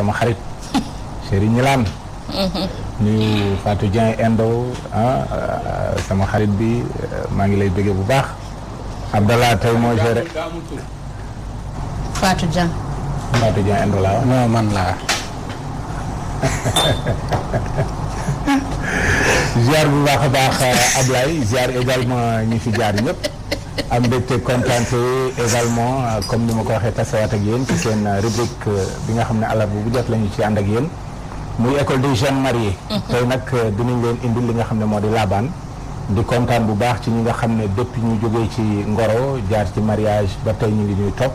sama xarit Serigne Ñilaan nuyu Fatou Dieng Endo ah, ah, sama xarit bi eh, maa ngi lay bëggee bu baax Abdallah tey moo géré Fatou Dieng Fatou Dieng Endo laa non man laa ziar bu baax a baax Ablaye ziar également ñi fi jaar ñëpp am mbégte kontaante également comme ni ma ko waxee tasewaat ak yéen ci seen rubrique euh, bi nga xam ne alarba bu jot la ci ànd ak yéen muy école des jeunes mariés tey nag euh, dinañ leen indil li nga xam ne moo di laabaan di kontaan bu baax ci ñi nga xam ne depuis ñu ci ngoro jaar ci mariage ba tey ñu ngi ñuy topp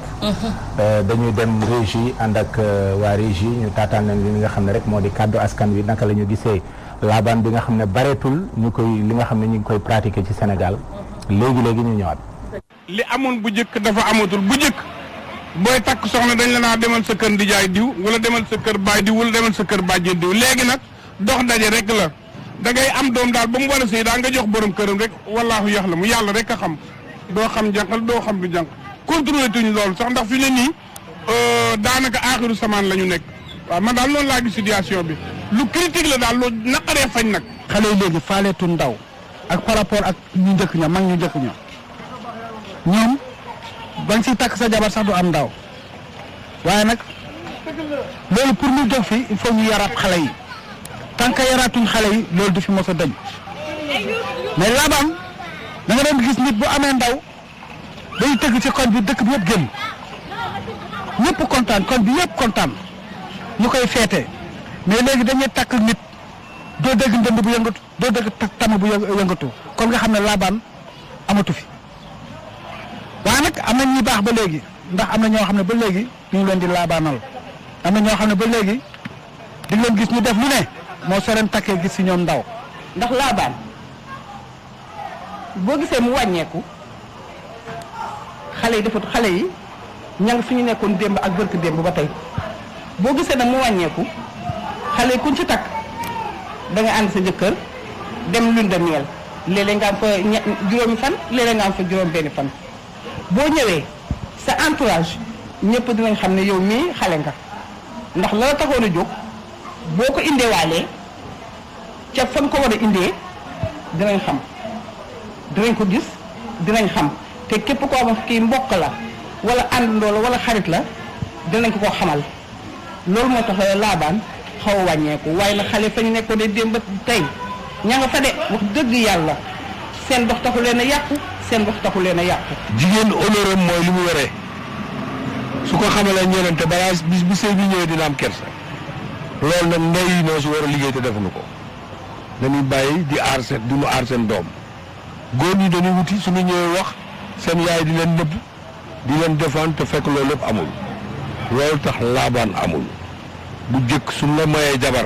euh, dañuy dem régie ànd ak waa régie ñu taataan leen li nga xam ne rek moo di kàddu askan wi naka lañu ñu gisee laabaan bi nga xam ne bareetul ñu koy li nga xam ne ñu ngi koy pratiquer ci Sénégal léegi-léegi ñu ñëwaat li amoon bu jëkk dafa amatul bu jëkk booy takk soxna dañ la naa demal sa kër ndijaay diw wala demal sa kër baay diw wala demal sa kër bàjjen diw léegi nag dox daje rek la da ngay am doom daal ba mu war a sëy daa nga jox borom këram rek wallaahu yax la mu yàlla rek a xam doo xam jànqal doo xam du jànq contrôlé tuñu loolu sax ndax fi ne nii euh, daanaka aaxiru samaan la ñu nekk waaw man daal noonu laa gis situation bi lu critique la daal loolu naqaree fañ nag. xale yi léegi faaleetu ndaw ak par rapport ak ñu njëkk ña mag ñu njëkk ñoom ba nga takk sa jabar sax du am ndaw waaye nag loolu pour mu jóg fi il faut ñu yaraat xale yi tant que yaraatuñ xale yi loolu du fi mos a mais laabaan da nga gis nit bu amee ndaw day tëgg ci koñ bi dëkk bi yëpp génn ñëpp kontaan koñ bi yëpp kontaan ñu koy feete mais léegi dañuy takk nit doo dégg ndënd bu yëngatu doo dégg tam bu yëngatu kon nga xam ne laabaan amatu fi. waa nag am na ñuy baax ba léegi ndax am na ñoo xam ne ba léegi ñu ngi leen di laabaanal am na ñoo xam ne ba léegi di leen gis ñu def lu ne moo soo leen takkee gis si ñoom ndaw. ndax laabaan boo gisee mu wàññeeku xale yi dafa xale yi ña nga fi ñu nekkoon démb ak bërk démb ba tey boo gisee nag mu wàññeeku xale yi kuñ ci takk da nga ànd sa jëkkër dem lune de miel léeg-léeg nga am fa juróomi fan léeg-léeg nga am fa juróom benn fan. boo ñëwee sa entourage ñëpp dinañ xam ne yow mii xale nga ndax la taxoon a jóg boo ko indeewaalee ca fan ko war a indee dinañ xam dinañ ko gis dinañ xam te képp koo xam kii mbokk la wala àndandoo la wala xarit la dinañ ko ko xamal loolu moo tax laabaan xaw a wàññeeku waaye na xale fa ñu nekkoon de démb tey ña nga fa de wax dëgg yàlla seen dox taxu leen yàqu. seen bopp taxu leen a yàqu. jigéen honneur mooy li mu weree su ko xamalee ñeneen te balaa bis bu sëy bi ñëwee dina am kersa loolu na ndey yi ñoo si war a liggéey te defuñu ko dañuy bàyyi di aar seen di mu aar seen doom góor ñi dañuy wuti suñu ñëwee wax seen yaay di leen nëbb di leen defaan te fekk loolu lépp amul loolu tax laabaan amul bu jëkk suñ la mayee jabar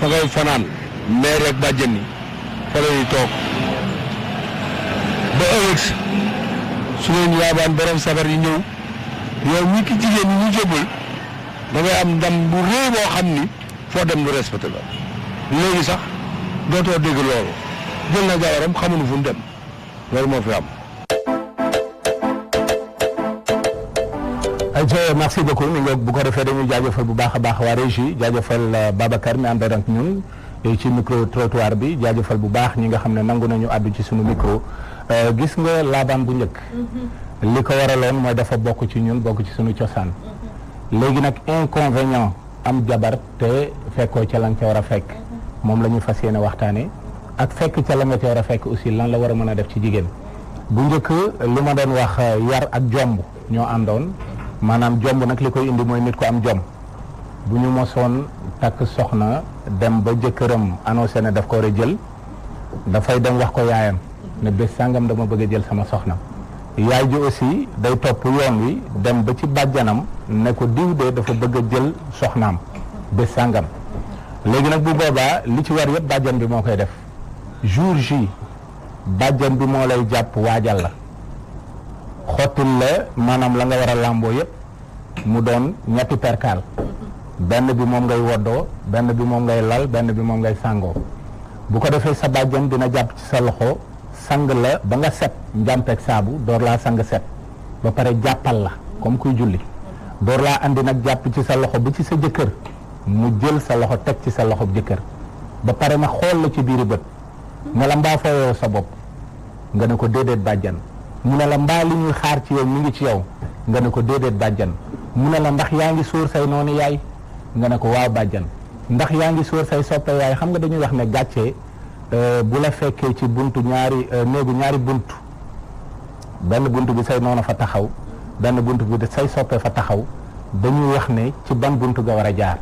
fa ngay fanaan meer ak bàjjen yi fa yi toog. ba ëllëg su ngeen yaabaan beneen sabar yi ñëw yow ñi ki jigéen ñu jëbbal da am ndam bu réy boo xam ni foo dem lu respecté la léegi sax dootoo dégg loolu jël na jawaram xamuñu fu dem loolu moo fi am. ayca merci beaucoup mi nga bu ko defee dañuy jaajëfal bu baax a baax waa régie jaajëfal euh, Babacar mi àndoon ak ñun ci micro trottoir bi jaajëfal bu baax ñi nga xam ne nangu nañu àddu ci suñu micro. Euh, gis nga laabaan bu njëkk mhm. li ko leen mooy dafa bokk ci ñun bokk ci suñu cosaan mhm. léegi nag inconvénient am jabar te fekkoo ca lan ca war a fekk mhm. moom la ñu fas yéene waxtaane ak fekk ca la ca war a fekk aussi lan la war a mën a def ci jigéen bu njëkk li ma doon wax euh, yar ak jomb ñoo àndoon maanaam jomb nag li koy indi mooy nit ko am jom bu ñu mosoon takk soxna dem ba jëkkëram annoncé ne daf ko war a jël dafay dem wax ko yaayam ne bés sàngam dama bëgg a jël sama soxna yaay ji aussi day topp yoon wi dem ba ci bàjjanam ne ko diw de dafa bëgg jël soxnaam bés sàngam léegi nag bu boobaa li ci war yëpp bàjjan bi moo koy def jour J bàjjan bi moo lay jàpp waajal la xottil la maanaam la nga war a làmboo yëpp mu doon ñetti perkaal benn bi moom ngay woddoo benn bi moom ngay lal benn bi moom ngay sàngoo bu ko defee sa bàjjan dina jàpp ci sa loxo sang la ba nga set njàmpeeg saabu door laa sang set ba pare jàppal la comme kuy julli door laa andi nag jàpp ci sa loxo bi ci sa jëkkër mu jël sa loxo teg ci sa loxo jëkkër ba pare na xool la ci biiri bët ne la mbaa fooyoo sa bopp nga ne ko déedéet bàjjan mu ne la mbaa li ñuy xaar ci yow mi ngi ci yow nga ne ko déedéet bàjjan mu ne la ndax yaa ngi sóor say noonu yaay nga ne ko waaw bàjjan ndax yaa ngi sóor say soppe yaay xam nga dañuy wax ne gàccee Euh, bu la fekkee ci buntu ñaari euh, néegu ñaari bunt benn bunt bi say noonu fa taxaw benn bunt bi say soppee fa taxaw dañuy wax ne ci ban bunt gawar a jaar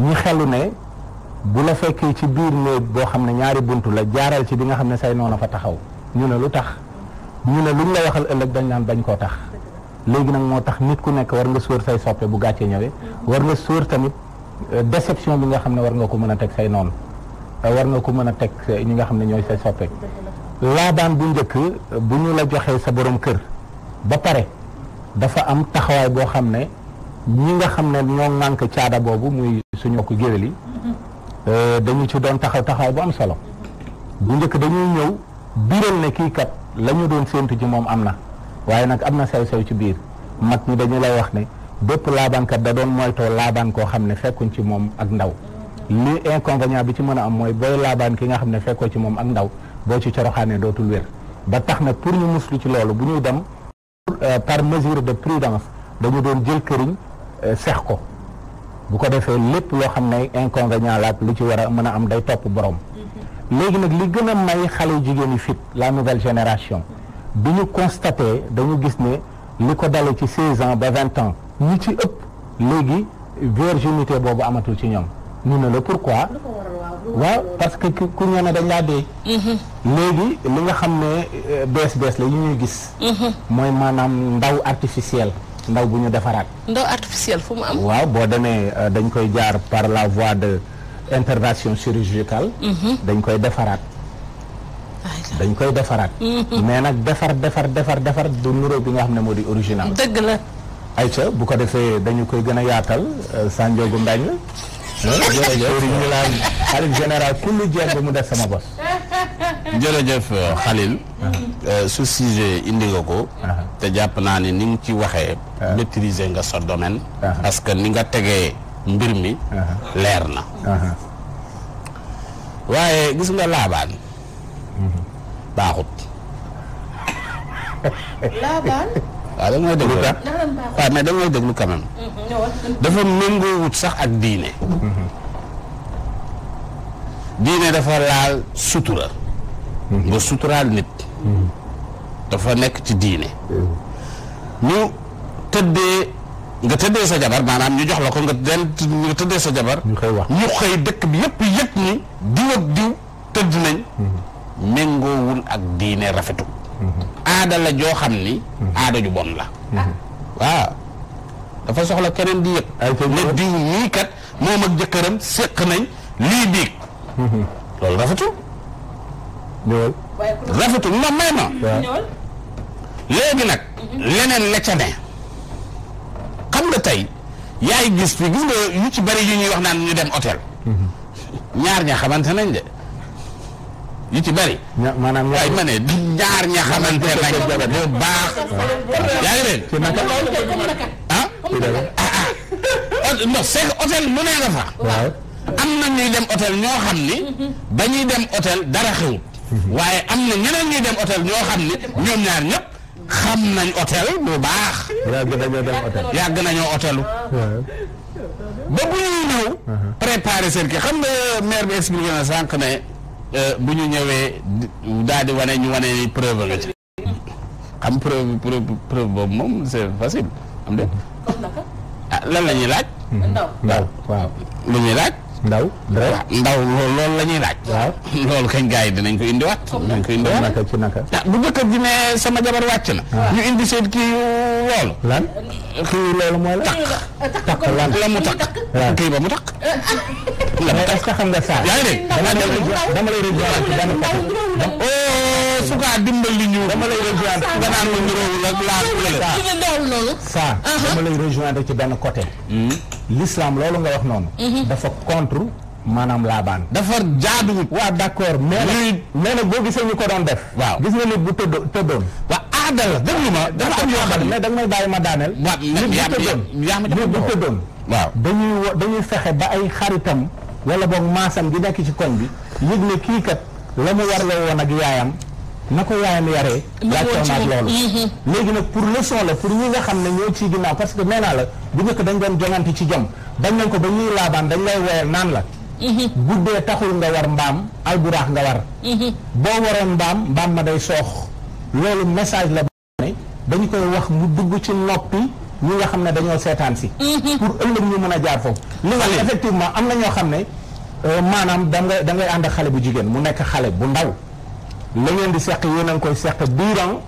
ñi xelu ne bu la fekkee ci biir néeg boo xam ne ñaari bunt la jaaral ci bi nga xam ne say noonu fa taxaw ñu ne lu tax ñu ne luñ la waxal ëllëg dañ naan bañ koo tax léegi nag moo tax nit ku nekk war nga sóor say soppe bu gàccee ñëwee war nga sóor tamit euh, déception bi nga xam ne war nga ko mën a teg say noonu war nga ko mën a teg eh, ñi nga xam ne ñooy say soppe laabaan bu njëkk eh, bu ñu la joxee sa borom kër ba pare dafa am taxawaay boo xam ne ñi nga xam ne ñoo ŋànk caada boobu muy suñu ko géwél yi eh, dañu ci doon taxaw taxawaay bu am solo bu njëkk dañuy ñëw biral ne kii kat la doon séentu ci moom am na waaye nag am na sew-sew ci biir mag ñi dañu lay wax ne bépp laabaankat da doon moytoo laabaan koo xam ne fekkuñ ci moom ak ndaw li inconvénient bi ci mën a am mooy booy laabaan ki nga xam ne fekkoo ci moom ak ndaw boo ci coroxaanee dootul wér ba tax na pour ñu muslu ci loolu bu ñuy dem euh, par mesure de prudence dañu doon jël këriñ euh, sex ko bu ko defee lépp loo xam ne inconvénient la ak lu ci war a mën a am day topp borom mm-hmm. léegi nag li gën a may xale jigéen yi fit la nouvelle génération bi ñu constaté dañu gis ne li ko dale ci 16 ans ba 20 ans ñi ci ëpp léegi virginité boobu amatul ci ñoom ñu ne la pourquoi waaw parce que ku ñëw ne dañ laa dee mhm. léegi li nga xam ne euh, bees bees la yu ñuy gis mhm. mooy maanaam ndaw artificiel ndaw bu ñu defaraat ndaw artificiel fu mu am waaw boo demee euh, dañ koy jaar par la voie de intervention chirurgicale mhm. dañ koy defaraat dañ koy defaraat mais nag defar defar defar defar du nuroo bi nga xam ne moo di original dëgg la ayca bu ko defee dañu koy gën a yaatal Sanjoogu Ndaañ la jërëjëf ñu naan lu général jeex ba mu def sama bos. jërëjëf xalil euh, su mm-hmm. euh, sujet indi nga ko. Uh-huh. te jàpp naa ni ni nga ci waxee. Uh-huh. maîtriser nga sa domaine. Uh-huh. parce ni nga tegee mbir mi. leer na. waaye gis nga laabaan. Mm-hmm. baaxut. laabaan. waa da nga may déglu ka waaw mais da mm-hmm, mm-hmm. dafa méngoowut sax ak diine mm-hmm. diine dafa laal sutura nga suturaal nit dafa nekk ci diine ñu tëddee nga tëddee sa jabar maanaam ñu jox la ko nga den nga tëddee sa jabar ñu xëy dëkk bi yëpp yëpp ni diw diw tëdd nañ méngoowul ak diine rafetu aada la joo xam ni. aada ju bon la. waaw dafa soxla keneen di yëg. ne diw ñii kat moom ak jëkkëram séq nañ lii biig. loolu rafetul. ñëwal rafetul non may ma. léegi nag. leneen la xam nga tey yaay gis fi gis nga yu ci bari yu ñuy wax naan ñu dem hôtel. Mhm. ñaar ña xamante nañ de. yu ci bari. ña maanaam ñaar ma ne ñaar ña xamante ne bu baax. yaa ngi leen. ah. ah, ah. non c'est que mu ne nga fa. am na ñuy dem hôtel ñoo xam ni. ba ñuy dem hôtel dara xewut. Mhm. waaye am na ñeneen ñuy dem hôtel ñoo xam ni ñoom ñaar ñëpp. xam nañ hôtel bu baax. yàgg nañoo dem yàgg nañoo hôtelu. ba bu ñuy ñëw. Mhm. préparer seen xam nga bi expliqué na sànq ne. Euh, bu ñu ñëwee daal di wane ñu wane ni preuve nga ci. xam preuve preuve boobu moom c'est facile am de. ah lan la ñuy laaj. ndaw lu ñuy laaj. ndaw ndaw loolu la ñuy laaj. waaw loolu kañ gars yi dinañ ko indiwaat. dinañ ko indiwaat naka ci naka. Ah, bu jëkkër ji ne sama jabar wàcc na. Ah. ñu indi seen kii loolu. lan kii loolu mooy la. takk takk lan la mu takk. waaw kii ba mu takk. la mu takk mais est-ce que xam nga saa. yaa ngi dégg dama lay dama lay mais su kaa dimbali ñu. dama lay rejoindre saa dama lay rejoindre ci benn côté. Hmm. l'islam loolu nga wax noonu. Mhm. dafa contre maanaam laabaan. dafa jaaduwut. waaw d'accord mais nag mais nag boo gisee ñu ko doon def. waaw gis nga nit bu tëddoon. waaw aada la déglu ma dafa am yoo xam ne mais danga may bàyyi ma daaneel. waaw nit bu tëddoon waaw dañuy fexe ba ay xaritam wala boog maasam gi nekk ci koñ bi yëg ne kii kat la mu warloo woon ak yaayam. na ko yaayam yaree. laajtoo naag loolu. Mm-hmm. léegi nag pour leçon la pour ñi nga xam ne ñoo ciy ginnaaw parce que nee naa la bu njëkk dañ doon jongante ci jom dañ nañ ko ba ñuy laabaan dañ lay woyal naan la. Mm-hmm. guddee taxul nga war mbaam alburaax nga war. Mm-hmm. boo waroon mbaam mbaam ma day soox. loolu message la boo dañu koy wax mu dugg ci noppi ñi nga xam ne dañoo seetaan si. pour ëllëg ñu mën a jaar foofu. li nga effectivement am na ñoo xam ne euh, maanaam da ngay da ngay ànd xale bu jigéen mu nekk xale bu ndaw. la ngeen di seq yéen a ngi koy seq durant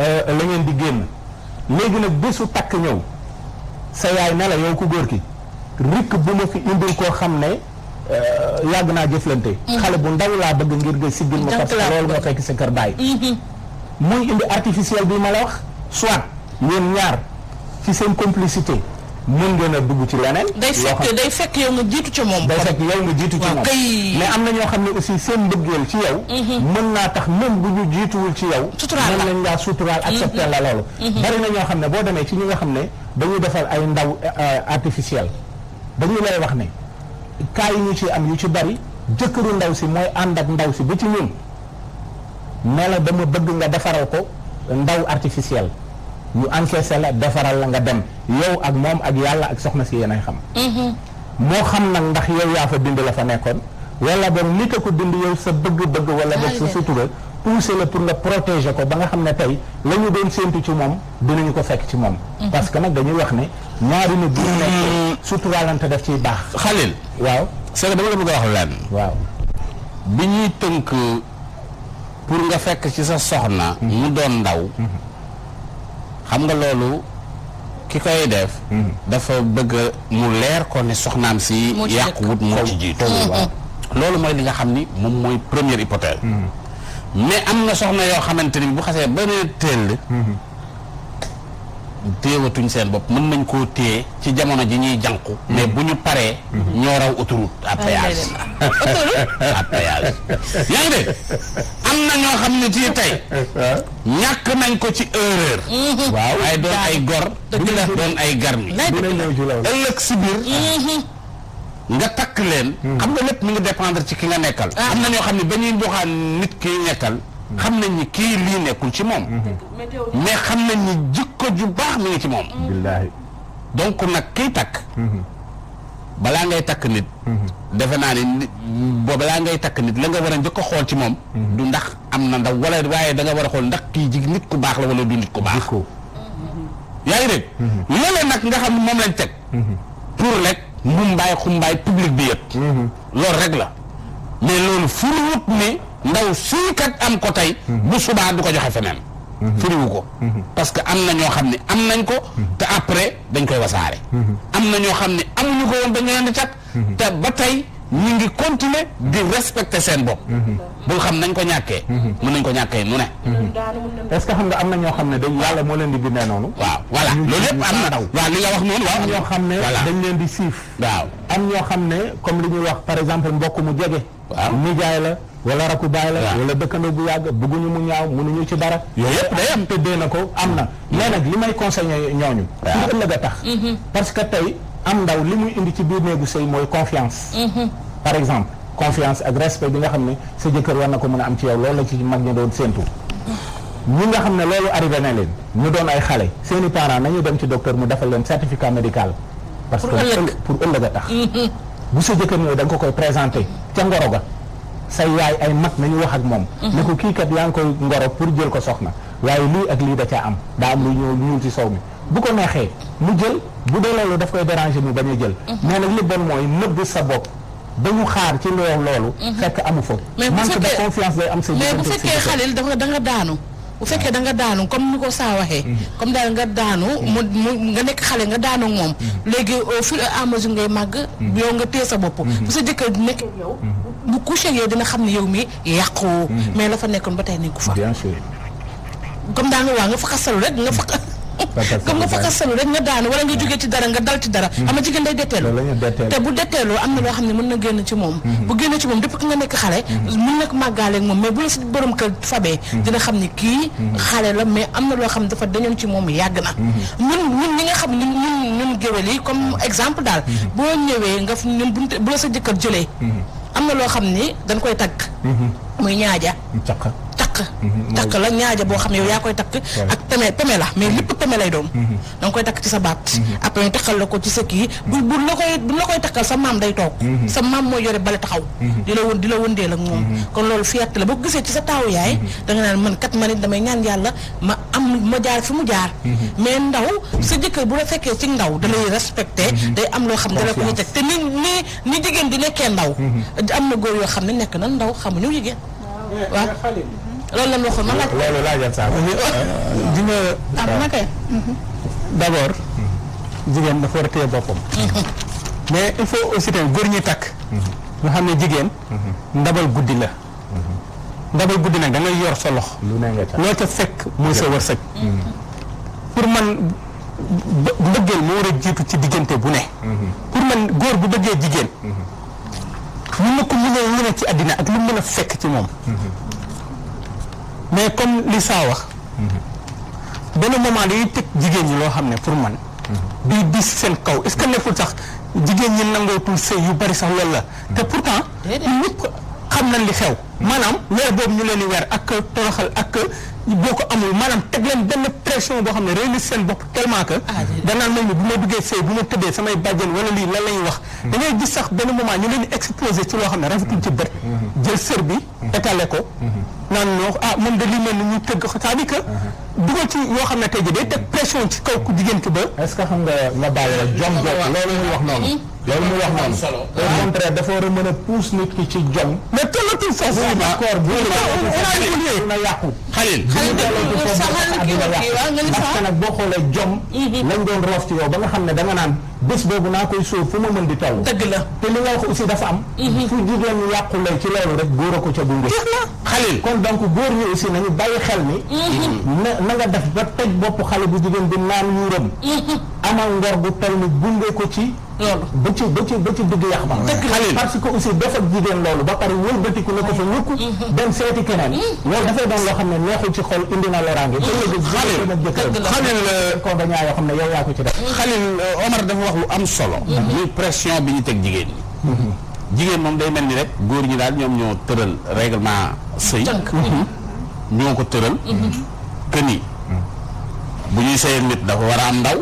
euh, la ngeen di génn léegi nag bésu takk ñëw sa yaay ne la yow ku góor ki rikk bu ma fi indil koo xam ne euh, yàgg naa jëflante. Mm-hmm. xale bu ndaw laa bëgg ngir nga siggil ma parce que loolu moo fekk sa kër baay. Mm-hmm. muy indi artificiel bi ma la wax. soit ñeen ñaar ci seen complicité. mën ngeen a dugg ci leneen. day fekk day fekk yow nga jiitu ci moom. day fekk yow nga jiitu ci moom mais am na ñoo xam ne aussi seen mbëggeel ci yow. Mhm. mën naa tax même bu ñu jiituwul ci yow. suturaal la laa suturaal mhm. accepté la loolu. Mhm. bari na ñoo xam ne boo demee ci ñi nga xam ne dañuy defar ay ndaw euh, artificiel dañu lay wax ne cas ñu ci am yu ci bari jëkkëru ndaw si mooy ànd ak ndaw si ba ci ñun ne la dama bëgg nga defaral ko ndaw artificiel ñu encaissé la defaral la nga dem. yow ak moom ak yàlla ak soxna si yéenay xam mm-hmm. moo xam nag ndax yow yaa fa bind la fa nekkoon wala boog nit a ko bind yow sa bëgg-bëgg wala boog sa sutura poussé la pour nga protéger ko ba nga xam ne tey la ñu doon séentu ci moom dinañu ko fekk ci moom mm-hmm. parce que nag dañuy wax ni ñaari nit bu ñu nekk suturaalante def ciy baax Khalil waaw c'est que dama la bëgg a wax leen waaw bi ñuy tënk pour nga fekk ci sa soxna mu mm-hmm. doon ndaw xam nga loolu ki koy def. Hmm. dafa bëgg mu leer ko ne soxnaam si. mu yàquwut moo ci jiitu hmm. loolu mooy li nga xam ni moom mooy première hypothèse. Hmm. mais am na soxna yoo xamante ni bu xasee ba ne teel. téewatuñ seen bopp mën nañ koo tée ci jamono ji ñuy jànku mais bu ñu paree ñoo raw autoroute à péage ah, autoroute am na ñoo xam ne ci tey ñàkk nañ ko ci erreur mhm. waaw waaye doon ay gor bu la doon ay garmi ëllëg si biir mhm. nga takk leen hmm. xam nga lépp mi ngi dependre ci ki nga nekkal ah. am na ñoo xam ne ba ñuy joxaan nit ki nekkal hmm. xam nañ ni kii lii nekkul ci moom hmm. mais xam nañ ni jikk jikko baax mi ci moom. billaahi donc nag kiy takk. Mm-hmm. balaa ngay takk nit. Mm-hmm. defe naa ne boo balaa ngay takk nit la nga war a njëkk xool ci moom. Mm-hmm. du ndax am na ndaw wala waaye da nga war a xool ndax kii ji nit ku baax la wala du nit ku baax. yaa ngi dégg. loolee nag nga xam ne moom lañ teg. pour rek mbumbaay xumbaay public bi yëpp. loolu rek la mais loolu furu wut ni ndaw suy kat am ko tey. bu subaa du ko joxe feneen. firiwu ko parce que am na ñoo xam ne am nañ ko te après dañ koy wasaare mhm. am na ñoo xam ne amuñu ko woon dañu leen ñu ngi continuer di respecter seen bopp. Mm-hmm. boo xam nañ ko ñàkkee. Mm-hmm. mën nañ ko ñàkkee nu ne. Mm-hmm. est-ce que xam nga am na ñoo xam ne dañ yàlla moo leen di bindee noonu. waaw voilà loolu yëpp am na. waaw li nga wax noonu waaw. am ñoo xam ne dañ leen di siif. waaw am ñoo xam ne comme li ñuy wax par exemple mbokk mu jege. waaw nijaay la. wala rakku baay la wala dëkkandoo bu yàgg bëgguñu mu ñaaw ñu ci dara yooyu yëpp day am tëddee na ko am na mais nag li may conseiller ñooñu pour a am ndaw li muy indi ci biir néegu sëy mooy confiance mhm. par exemple confiance ak respect bi nga xam ne sa jëkkër war na ko mën a am ci yow loolu la ci mag ñi doon séentu ñi nga xam ne loolu arrivé na leen ñu doon ay xale seeni parents nañu dem ci docteur mu defal leen certificat médical parce que pour ëllëg a tax mhm. bu sa jëkkër ñëw danga ko koy présenté ca ngoro ga say yaay ay mag nañu wax ak moom mhm. ne ko kiikat kat yaa ngi koy ngoro pour jël ko soxna waaye lii ak lii da caa am daa am lu ñëw ñuul ci sow mi bu ko neexee mu jël bu dee loolu daf koy déranger mu bañ a jël. Mhm. mais nag li bon mooy nëbb sa bopp. ba ñu xaar ci loolu loolu. Mhm. fekk amu fa. mais bu fekkee manque de confiance lay dafa da nga daanu. bu fekkee da nga daanu comme ni ko saa waxee. Mhm. comme daal nga daanu. mu nga nekk xale nga daanu moom. léegi au fur et à ngay màgg. yow nga téye sa bopp. bu sa jëkkër nekk yow. bu couché yow dina xam ne yow mi yàqu. mais la fa nekkoon ba tey nañ ko fa. bien sûr. comme daa waa nga fa xasalu rek nga fa. comme nga fakkastalu rek nga daanu wala nga jógee ci dara nga dal ci dara hmm. ama jigéen day detteelu te bu detteeloo am na loo xam ne mën na génn ci moom hmm. moom depuis que nga nekk xale hmm. mën na màggaale ak moom mais bu xam ne kii xale la mais am na loo xam dafa dañoon ci moom yàgg na ñun ñun ñi nga xam ñun ñun ñun géwél yi comme exemple daal boo ñëwee nga ñun bu la sa jëkkër jëlee am na loo xam ne dañ koy tagg muy ñaaja takk takk la ñaaja boo xam yaa koy takk ak peme peme la mais mm-hmm. lépp peme lay doon mm-hmm. danga koy takk ci sa baat mm-hmm. après ñu takkal la ko ci sa kii bu bu la takkal sa maam day toog sa maam mooy yore bale taxaw di da nga naan ma am ma jaar fi mu jaar mais ndaw sa jëkkër bu la fekkee ci ndaw da lay respecté day am loo xam ne dala ko teg te ni ni ni jigéen di nekkee ndaw am na góor yoo xam ne nekk na ndaw xamuñu jigéen waaw loolu la ñu waxoon man laaj. loolu laajal ah. ah, mhm. mhm. jigéen dafa boppam. Mhm. mais il faut aussi ñi takk. nga xam ne jigéen. guddi la. ndabal guddi nag da yor sa lu ne nga mooy sa wërsëg. man mbëggeel moo war a jiitu ci diggante bu ne. pour man góor bu bëggee jigéen. ñu ne ko mu ne ñu ne ci àddina ak lu mën a fekk ci moom. mais comme li saa wax benn moment dañuy teg jigéen ñi loo xam ne pour man bii mhm. bis seen kaw est-ce que nekkul sax jigéen ñi nangootul sëy yu bari sax loolu la mhm. te pourtant ñëpp xam nañ li xew. maanaam weer boobu ñu leen di weer ak toroxal ak boo ko amul maanaam teg leen benn pression boo xam ne réunir seen bopp tellement que. Ah, danaan mel bu ma duggee sëy bu ma tëddee samay bàjjen wala lii lan la wax. Hmm. da ngay gis sax benn moment ñu leen di exposé ci loo xam ne rafetul ci bët. Hmm. Hmm. ko. naan ñoo ah moom de li mel ni ñu tëgg c'est-à-dire que. xam ne tey jii day teg pression que xam nga ma bàyyi la jom jom loolu loolu mu wax noonu solo au contraire dafa war a mën a puus nit ki ci jom. mais tollatul foofu. d'accord bu na yàqu. xalil parce que nag boo xoolee jom. lañ doon roof ci yow ba nga xam ne danga naan bés boobu naa koy sóob fu ma mën di toll. dëgg la te li nga wax aussi dafa am. fu jigéen ñu yàqu lay ci loolu rek góor a ko ca gunge. xalil kon donc góor ñi aussi nañu bàyyi xel ni. na na nga def ba tëj bopp xale bu jigéen bi naan yuuram. amal ngor gu toll ni gunge ko ci loolu ba ci ba ci ba ci dugg yàq ba parce que aussi dafa jigéen loolu ba pare wëlbatiku na ko fa yukk mm-hmm. dem seeti keneen mm-hmm. loolu dafay doon loo xam ne neexul ci xol indi na loraange ëllëg mm-hmm. nag jëkkër xalil condoña euh, yoo xam ne yow yaa ko ci def xalil euh, Omar dafa wax lu am solo muy pression bi ñu teg jigéen ñi jigéen moom day mel ni rek góor ñi daal ñoom ñoo tëral règlement sëy ñoo ko tëral que ni bu ñuy sëyal nit dafa war a am ndaw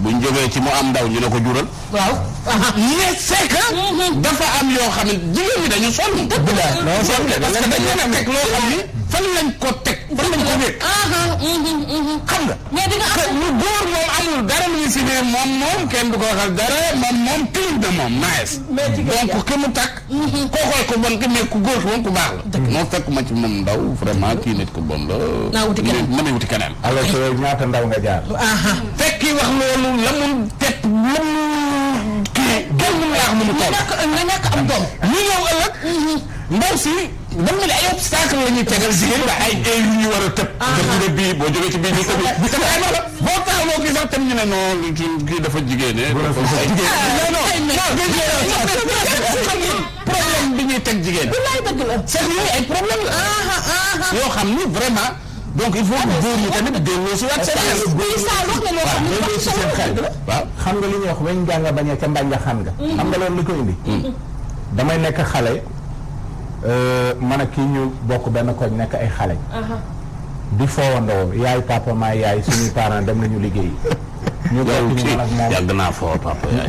buñ jógee ci mu am ndaw ñu ne ko jural. waaw. mais c'est que. Mm-hmm. dafa am yoo xam ne jigéen ñi dañu sonn. dëgg la non sonn parce que dañu leen a teg loo xam ni mm-hmm. fan lañ ko teg. fan lañ ko wékk. Ah, ah, mm-hmm, xam nga. mais di nga am lu góor moom amul dara lu ñu si ne moom moom kenn du ko waxal dara moom moom tilim na moom naes. donc ki mu takk. kookoo ko bon ki mais ku góor moom ku baax la. dëgg moo fekk ma ci moom ndaw vraiment kii nit ku bon la. naa wuti keneen mën a wuti keneen. alors que ñaata ndaw nga jaar. Ah, fekk. wax loolu la mu teg la mu kii kenn mu laax mu mu toll. nga ñàkk am doom. ñu ñëw ëllëg. Mhm. ndaw si dam ne ay obstacle la ñuy tegal jigéen ba ay ay yu ñu war a tëb. dëpp ah. de bii boo jógee ci bii ñu tëb bi ah. tëb ay mala boo taxawoo gi sax tam ñu ne non kii dafa jigéen ne. Eh. dafa jigéen ah. non problème bi ñuy teg jigéen. bu laay dëgg la. c'est ay problème la. yoo xam ni vraiment. donc il faut ah, góor yi tamit delloo si waat seen xel. delloo si seen xel waaw xam nga li ñuy wax weñ gaa nga bañ a ca mbañ nga xam nga. Mm. xam nga loolu li ko indi. Mm. damay nekk xale euh, man ak kii ñu bokk benn koñ nekk ay xale. di foowandoo yaay papa maa yaay suñuy parents dem nañu liggéeyi. ñu bett ñu man ak moom yàgg naa foo papa yaay.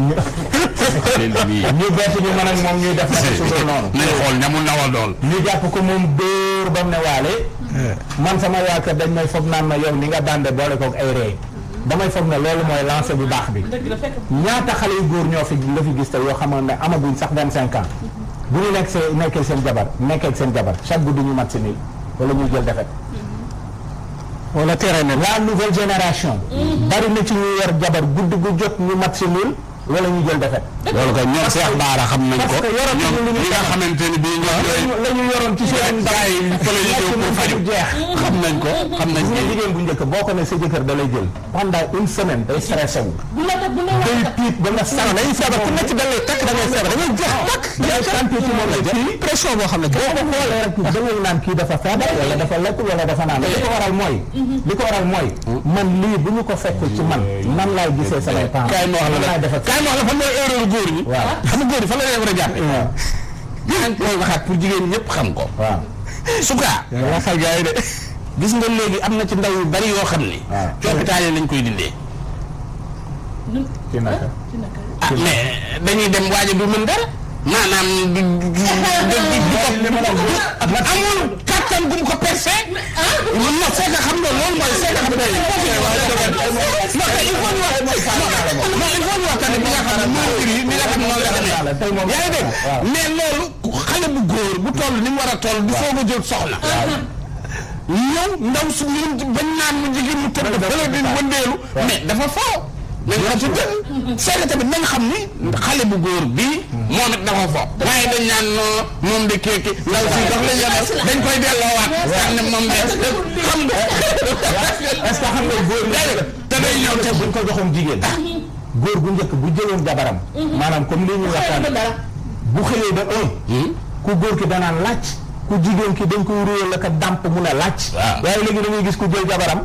ñu bett ñu man ak moom ñuy def. nañ xool ñamul nawal dool ñu jàpp ko moom dóor ba mu ne waale. man sama yaakaar dañ may foog naan na yow ni nga dande boole koog ay rey damay foog na loolu mooy lancé bu baax bi ñaata xale yu góor ñoo fi la fi gis te yoo xamoon ne amaguñ sax vingt cinq ans bu ñu nekk see nekkee seen jabar nekkee seen jabar chaque guddi ñu mat si nii wala ñu jël defet tere terrain la nouvelle génération mm-hmm. bari na ci ñu yor jabar guddi gu jot ñu mat si niil wala ñu jël defet loolu ko ñoom Cheikh Baara xam nañ ko ñoom ñi nga xamante ni bii ñoom la ñu yoroon ci seen ndaay fële ñu ñëw pour faju jeex xam nañ ko xam nañ ko jigéen bu njëkk boo ko ne sa jëkkër da lay jël pendant une semaine day stressé wu day tiit ba nga sax day feebar ku nekk da lay takk da ngay feebar da ngay jeex takk ah, yaa santé ci moom la jël pression boo xam ne boo ko xoolee rek da ngay naan kii dafa feebar wala dafa lekk wala dafa naan li ko waral mooy li ko waral mooy man lii bu ñu ko fekkul ci man nan laay gisee samay parents kaay ma wax la fan mooy erreur góor ñi. waaw leen war a jàppee. waaw gis jigéen ñëpp xam ko. suka su gis nga léegi am na ci ndaw yu bari yoo xam ni. waaw coppitaale lañ koy dindee. ci naka ah mais dañuy dem waaja du dam gum ko percé mën na fekk xam nga loolu mooy fekk xam nga yaa ngi dégg mais loolu xale bu góor bu toll ni mu war a toll du soog a jël soxna ñëw ndaw su ñu bañ naan mu jigéen mu tëdd bala di wëndeelu mais dafa foo nañ ko xam ni xale bu góor bii. moom it dafa fo. waaye dañ naan noo moom de kii kii si dox la yemal dañ koy delloowaat. waaw ne moom de xam xam nga góor te day ñëw te buñ ko joxoon jigéen. góor bu njëkk bu jëloon jabaram. Mhm. maanaam comme li ñuy waxtaan bu xëyee ba un. Hmm? ku góor ki danaan laaj. ku jigéen ki dañ koy ruwal la ka dàmp mun a laaj. waaye léegi da gis ku jël jabaram.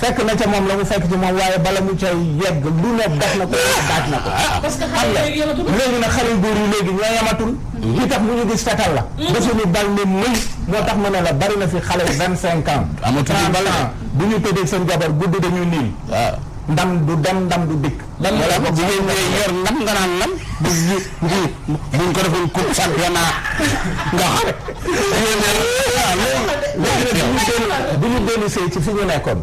fekk na ca moom la mu fekk ci moom waaye bala mu cay yegg lu ne def na ko daaj na ko. Ah, ah. parce que xale léegi nag xale góor yi léegi ñoo yamatul. Mm-hmm. li tax bu ñu gis fetal la. defuñu mm-hmm. bal ne muy moo tax ma ne la bari na fi xale vingt cinq ans. amatul bal bu ñu tëddee seen jabar guddi dañuy nii. Ah. ndam du dem ndam du dikk. ndam du dikk jigéen ñi yor ndam nga naan ndam. bu bu buñ ko defoon coupe championnat nga xam. ci fi nekkoon.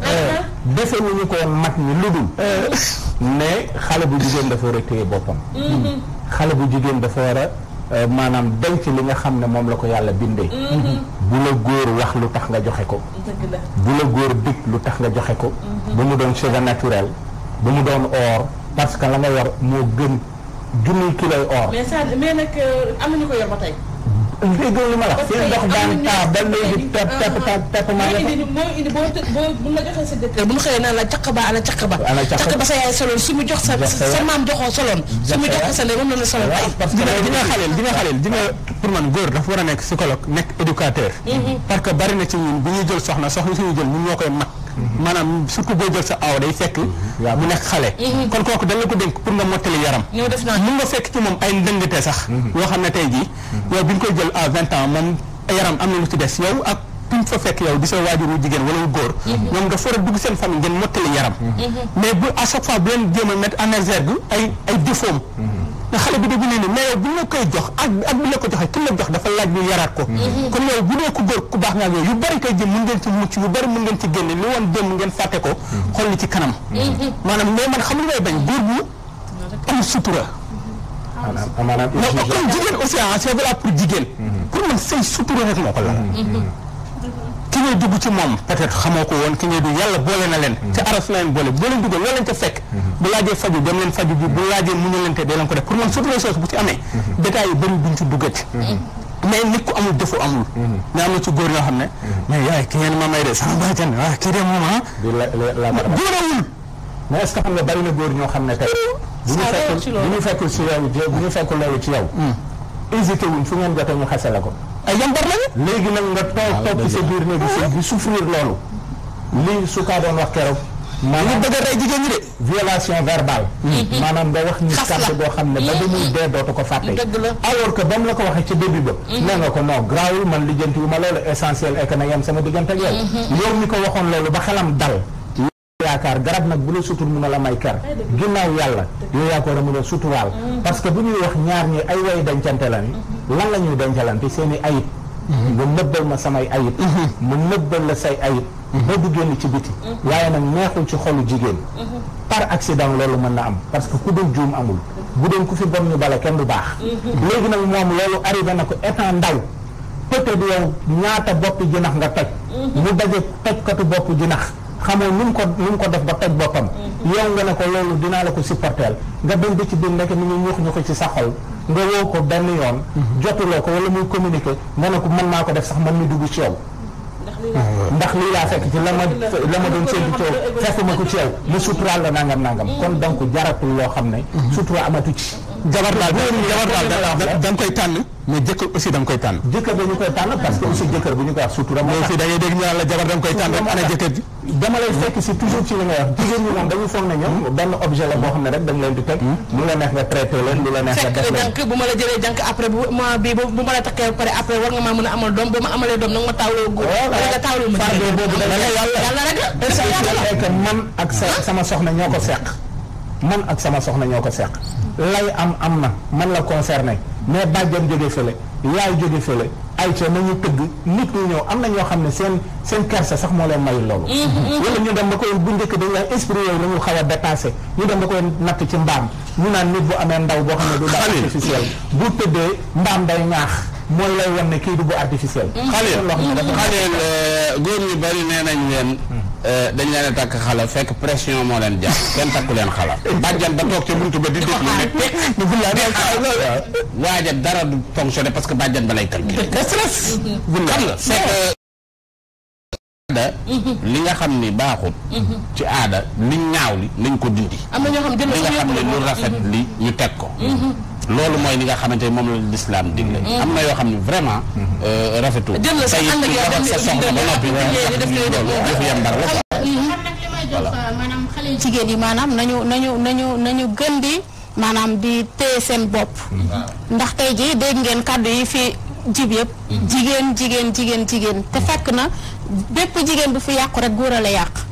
defe ñu mag ñi lu eh. xale bu jigéen dafa war a téye boppam. Mm-hmm. xale bu jigéen dafa war a. Euh, maanaam denc li nga xam ne moom la ko yàlla bindee. Mm-hmm. bu la góor wax lu tax nga joxe ko. bu la góor dig lu tax nga joxe ko. Mm-hmm. ba mu doon cheveux naturel ba mu doon or parce que la nga yor moo gën junniy kiloy or. Euh, am na ñu ko ba tey. déggoo li ma la wax. seen ndox daan taa ba léegi tap tap tap maa ngi. moo indi boo boo bu la joxee sa dëkk. bu mu xëyee naan la caq ba ana caq ba. ana caq ba sa yaay soloon su mu jox sa sa maam joxoo soloon. su mu jox sa ne moom la ñu soloon tey. parce que di nga xaleel di nga xaleel di nga pour man góor dafa war a nekk psychologue nekk éducateur. parce que bari na ci ñun bu ñuy jël soxna soxna suñu jël ñun ñoo koy mag. maanaam surtout boo jël sa aaw day fekk mu nekk xale mhm. kon kooku dañ la ko dénk pour nga mottali yaram mun nga fekk ci moom ay ndëngate sax mhm. yoo xam ne tey jii mhm. yow bi nga koy jël à vingt ans moom yaram am na lu ci des yow ak tuñ fa fekk yow di sa waajur wu jigéen wala wu góor ñoom nga far a dugg seen famille ngeen mottali yaram mais bu à chaque fois bu leen jéem a mettre en exergue ay ay défaut mais xale bi de bu ne nii yow bu ñu la koy jox ak ak bu ñu la ko jox dafa laaj ñu yaraat ko. Mhm. kon yow bu dee ku góor ku baax nga ak yow yu bari koy jëm mën ngeen ci mucc yu bari mën ngeen ci génne li woon démb ngeen fàtte ko. Mhm. xool li ci kanam. Mhm. maanaam mais man xam li may bañ góor bu am sutura. maanaam maanaam jigéen aussi ah c'est valable pour jigéen. pour man say sutura rek moo ko la ki ngay dugg ci moom peut-être xamoo ko woon ki ngay dugg yàlla boole na leen mm-hmm. ci aras na leen boole boo leen duggoon loo leen ca fekk mm-hmm. bu laajee faju dem leen faju bi bu laajee mu leen te dee leen ko def pour man surtout les choses bu ci amee mm-hmm. détails yi bëri duñ ci duggati nit ku amul defu amul mais am na ci góor ñoo xam ne mais yaay ki ngeen ma may de sama bàjjan waa kii moom ah góorawul mais est-ce que xam nga bari na góor ñoo xam ne tey bu ñu fekkul bu ñu fekkul ci yow bu ñu fekkul loolu ci mm. hésité wuñ fu ngeen jotee mu xase la ko. ay jàmbar lañu. léegi nag nga toog toog ci sa biir néegu sëy bi souffrir loolu. lii su kaa doon wax keroog. maanaam a rey jigéen ñi de. violation verbale. Mm-hmm. maanaam nga wax ni kàddu boo xam ne ba ba muy mm-hmm. dee dootu ko fàtte. dëgg la ko que ba mu la ko waxee ci début ba. Mm-hmm. nee nga ko non grawul man lijjanti wu ma loolu essentiel est na yem sama diggante ak yow. yow mi ko waxoon loolu ba xelam dal. yaakaar garab nag bu la sutur mun a la may ker ginnaaw yàlla yow yaa ko war a mun a suturaal parce que bu ñuy wax ñaar ñi ay way dencante la ni lan la ñuy dencalante seen i ayib nga nëbbal ma samay ayib mu nëbbal la say ayib ba du génn ci biti waaye nag neexul ci xolu jigéen par accident loolu mën na am parce que ku dul juum amul bu doon ku fi bon ñu bala kenn du baax léegi nag moom loolu arrivé na ko étant ndaw peut yow ñaata bopp jinax nga toj mu xamoo nu ko nu ko def ba toj boppam mm-hmm. yow nga ne ko loolu dinaa la ko supporteel nga dem ba ci biir ndekk ni ñu ñuux ñu ko ci sa xol nga woo ko benn yoon mm-hmm. jotuloo ko wala muy communiquer nga ne ko mën maa ko def sax man mi dugg ci ndax lii laa fekk ci la ma la ma doon séntu ci yow ma ko ci yow mu mm-hmm. suturaal la nangam nangam kon donc jaratul loo xam ne sutura amatu ci jabar daal jabar daal da nga koy tànn mais jëkkër aussi da koy tànn jëkkër dañu koy tànn parce que aussi jëkkër bu ñu koy boo xam ne rek dañ leen di teg hmm? lu a amal doom ba ma amalee man ak sama soxna ñoo seq man ak sama soxna ñoo ko seq lay am am na man la concerné mais bàjjan jóge fële yaay jóge fële ay ca nañu tëgg nit ñi ñëw am na ñoo xam ne seen seen kersa sax moo leen mayul loolu mm-hmm. Mm-hmm. wala ñu dem ba koy bu njëkk dañ lay esprit yooyu dañu xaw a dépassé ñu dem ba koy natt ci mbaam ñu naan nit bu amee ndaw boo xam ne du daal artificiel bu tëddee mbaam day ñaax mooy lay wan ne kii du bu artificiel. Mm-hmm. xalil xalil euh, góor ñu bari nee nañ leen. Mm-hmm. Euh, dañ leen a takk xala fekk pression moo leen jàpp kenn takku leen xala bàjjan ba toog ca buntu ba di déglu ah, dara du fonctionné parce que bàjjan ba lay calculé. Mm-hmm. te nga li nga xam ni baaxut. ci aada li ñaaw li nañ ko dindi. am na ñoo xam li nga xam ne lu rafet li ñu teg ko. loolu mooy li nga xamante ne moom la lislaam digle mm-hmm. am na yoo xam ne vraiment mm-hmm. euh, rafetul tey sa soxna ba noppi yëfu yembar la mm-hmm. voilà maanaam jigéen yi maanaam nañu nañu nañu nañu gën di maanaam di téye seen bopp. ndaxte tey jii dégg ngeen kàddu yi fi jib yëpp. jigéen jigéen jigéen jigéen te fekk na bépp jigéen bu fi yàqu rek góor a la yàq.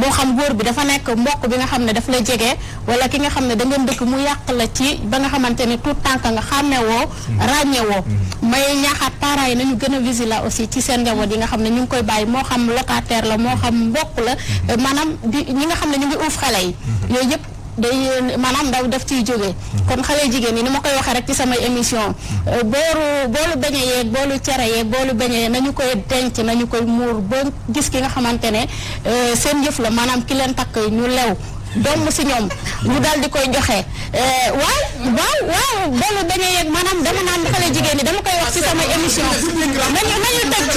moo xam góor bi dafa nekk mbokk bi nga xam ne daf la jege wala ki nga xam ne da ngeen dëkk mu yàq la ci ba nga xamante ni tout tànk nga woo xàmmewoo mm-hmm. woo mm-hmm. may ñaaxaat parents yi nañu gën a la aussi ci seen njawoot yi nga xam ne ñu ngi koy bàyyi moo xam locataire la moo xam mbokk la mm-hmm. maanaam di ñi nga xam ne ñu ngi uuf xale yi yooyu yëpp day maanaam ndaw daf ciy jógee kon xale jigéen ñi ni ma koy waxee rek ci samay émission euh, boolu boolu beñe yeeg boolu cere yeeg boolu beñe yeeg nañu koy denc nañu koy muur ba gis ki nga xamante ne euh, seen yëf la maanaam ki leen takk ñu lew doom si ñoom ñu daal di koy joxe euh, waaw waaw waaw boolu beñe yeeg maanaam dama naan xale jigéen ñi dama koy wax ci samay émission nañu nañu tëj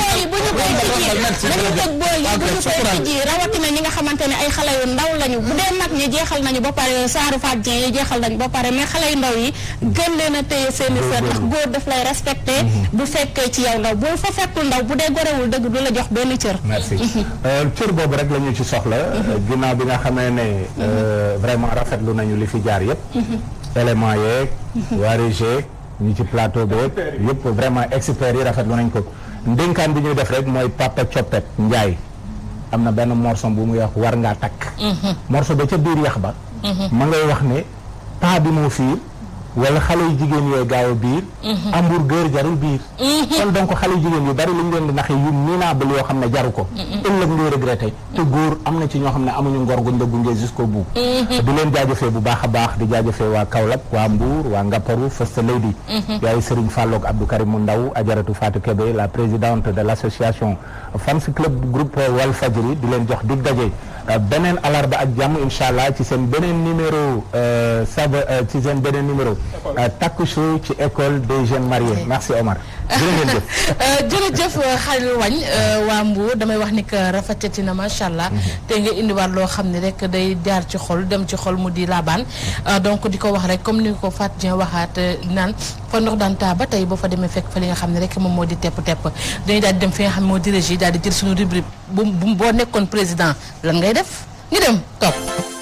booy yi bu ñu koy tijji yi bu ñu koy tijji rawatina ñi nga xamante ne ay xale yu ndaw lañu bu dee mag ñi jeexal nañu ba pare saaru faat jeen yi jeexal nañu ba pare mais xale yu ndaw yi gën leen a téye seen i sër ndax góor daf lay respecté mhm. bu fekkee ci yow ndaw boo fa fekkul ndaw bu dee gorewul dëgg du la jox benn cër merci mhm. euh, cër boobu rek la ñu ci soxla mhm. ginnaaw bi nga xamee ne euh, vraiment rafetlu nañu li fi jaar yépp élément yeeg waari jeeg ñu ci plateau bi rek yëpp vraiment experts yi rafetlu nañ ko ndénkaan bi ñuy def rek mooy Papa Coppet Ndiaye am na benn morceau bu muy wax war ngaa takk mhm. morceau ba ca biir yax ba mhm. ma ngay wax ne paa bi moo fiir wala xale yu jigéen yee gaaw a biir. Mhm. hamburger jarul biir. Mhm. kon donc xale yu jigéen yu bari li ñu leen di naxee yu minable yoo xam ne jaru ko. Mhm. ëllëg ngay regretté. te góor am na ci ñoo xam ne amuñu ngor guñ la gunge jusqu'au bout. di leen jaajëfee bu baax a baax di jaajëfee waa Kaolack waa Mbour waa Ngapparu First Lady. yaay Serigne Fallouk Abdou Karim Ndaw Ajaratu Fatou Kébé la présidente de l' association fans club groupe Walfadjri di leen jox dig daje. beneen alarba ak jàmm incha allah ci seen beneen numéro euh, sava euh, ci seen beneen numéro. Euh, takku show ci école des jeunes mariés merci Omar. Euh, jërëjëf euh, Khalil Wagne euh, waa Mbour damay wax ni que rafetati na macha allah. Mhm. te nga indiwaat loo xam ne rek day jaar ci xol dem ci xol mu di laabaan donc di ko wax rek comme ni ko Fatou Dieng waxaat naan fa ndox daan taa ba tey boo fa demee fekk fa li nga xam ne rek moom moo di tepp tepp dañuy daal di dem fi nga xam ne moo di régie daal di jël suñu rubrique bu boo nekkoon président lan ngay def ñu dem topp.